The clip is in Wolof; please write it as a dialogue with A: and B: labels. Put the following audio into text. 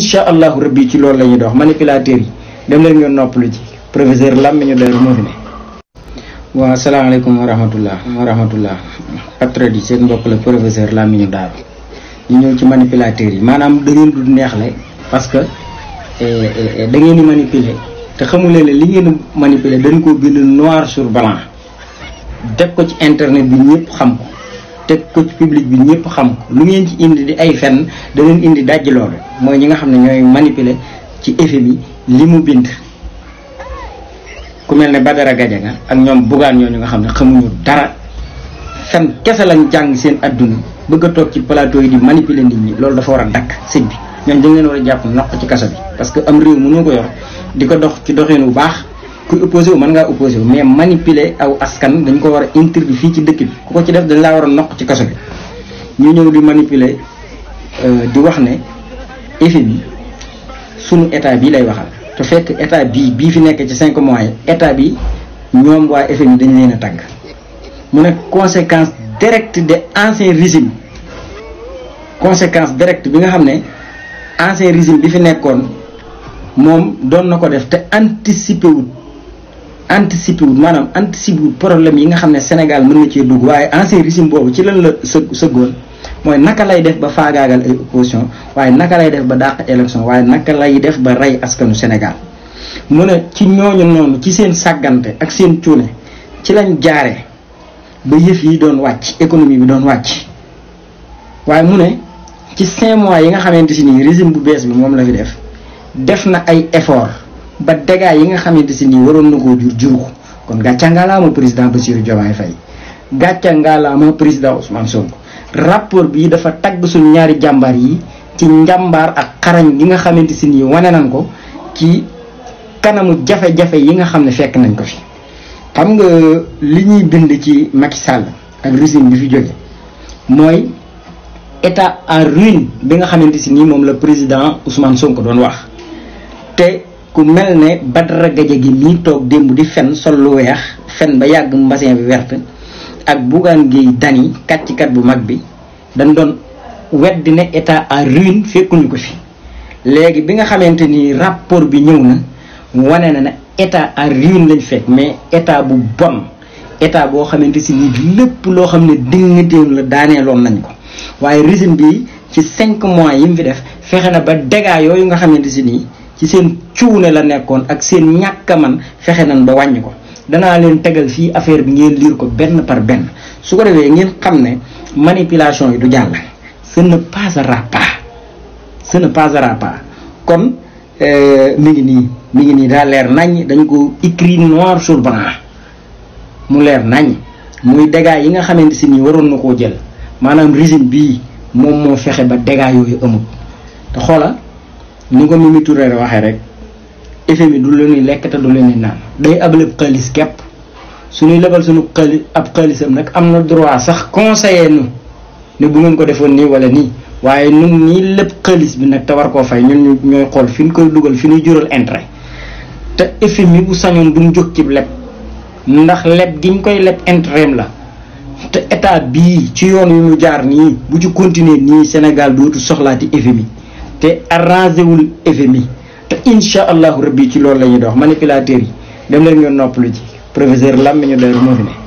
A: incha allahu rabbi ci loolu la ñuy dox manipulateurs yi dem leen ngeen noppalu ci professeur Lamine Dore moo fi ne. waaw asalaamaaleykum wa rahmatullah wa rahmatullah patriote yi seen mbokk la professeur Lamine daal ñu ñëw ci manipulateurs yi maanaam da ngeen du neexle parce que eh, eh, da ngeen di manipuler te xamuleen ne li ngeen manipuler dañ koo bind noir sur blanc teg ko ci internet bi ñëpp xam ko. teg ko ci bi ñëpp xam ko lu ngeen ci indi di ay fenn da indi dajj loolu mooy ñi nga xam ne ñooy manipuler ci effet bi li mu bind ku mel ne Badara Gadiaga ak ñoom bugaan ñooñu nga xam ne xamuñu dara fen kese lañ jàng seen adduna bëgg a toog ci plateau yi di manipuler nit ñi loolu dafa war a dakk sëñ bi ñoom dañ leen war a jàpp noq ci kaso bi parce que am réew mënoo ko yor di ko dox ci doxin bu baax kuy opposé wu mën ngaa opposé mais manipuler aw askan dañ ko war a interdit fii ci dëkk bi ku ko ci def dañ laa war a noq ci kaso bi ñu ñëw di manipuler euh, di wax ne FMI sunu état bii lay waxal te fekk état bii bii fi nekk ci cinq mois yi état bi ñoom waa FMI dañ leen a tàgg mu ne conséquence directe de ancien régime conséquence directe bi nga xam ne ancien régime bi fi nekkoon moom doon na ko def te anticiper anticiper wul maanaam anticiper wul problème yi nga xam ne Sénégal mën na cee dugg waaye ancien régime boobu ci lan la së sëggoon mooy naka lay def ba faagaagal ay opposition waaye naka lay def ba dàq élection waaye naka lay def ba rey askanu Sénégal mu ne ci ñooñu noonu ci seen sàggante ak seen cuune ci lañ jaare ba yëf yi doon wàcc économie bi doon wàcc waaye mu ne ci cinq mois yi nga xamante si nii résime bu bees bi moom la fi def def na ay effort ba daga yi nga xamanteni si nii na jur ko kon gàcca ngaalaama président Bassirou Diomaye Faye gàcca mo president Ousmane Sonko rapport bi dafa tag suñu ñaari jambar yi ci njàmbaar ak xarañ yi nga xamanteni si nii ko ci kanamu jafe-jafe yi nga xamné fekk nañ ko fi xam nga li ñi bind ci Macky Sall ak régime bi fi joggé moy état en ruine bi nga xamanteni si nii président Ousmane Sonko don wax te ku mel ne Badara Gaje gi mii toog démb di fen sol lu weex fen ba yàgg mbasin bi wert ak Bougane Gueye Dany kàccikat bu mag bi dañ doon weddi ne état en ruine fekkuñu ko fi léegi bi nga xamante ni rapport bi ñëw na wane na ne état en ruine lañ fekk mais état bu bon état boo xamante si ni lépp loo xam ne dignitéem la daaneeloon nañ ko waaye régime bi ci cinq mois yi mu fi def fexe na ba dégâts yooyu nga xamante si nii ci seen ciune la nekkoon ak seen ñàkk man fexe nan ba wàññi ko danaa leen tegal fii affaire bi ngeen lire ko benn par benn su ko defee ngeen xam ne manipulation yi du jàll ce ne passera pas ce ne passera pas kon euh, mi ngi nii mi ngi nii daa leer nañ dañ ko écrit noir sur blanc mu leer nañ muy dégâts yi nga xamante si nii waroon na koo jël maanaam régime bii moom moo fexe ba dégâts yooyu amul te xoola ni ko mimi touré waxe rek effet bi du leni lek ta du leni nan day ableb khalis kep suñu lebal suñu khali ab khalisam nak amna droit sax conseiller nu ne bu ngeen ko defon ni wala ni waye ni ni lepp khalis bi nak te war koo fay ñun ñooy xool fi ñu koy dugal jural intérêt ta effet mi bu sañon ci leb ndax lepp giñ koy leb intérêt la te état bi ci yoon yu mu jaar ni bu ci continuer ni Sénégal dootu soxlaati te arrangé wul FMI te incha allahu rabbi ci loolu la ñuy dox manipulateurs yi dem leen ñu noppalu ci professeur Lam mi ñu doon moo fi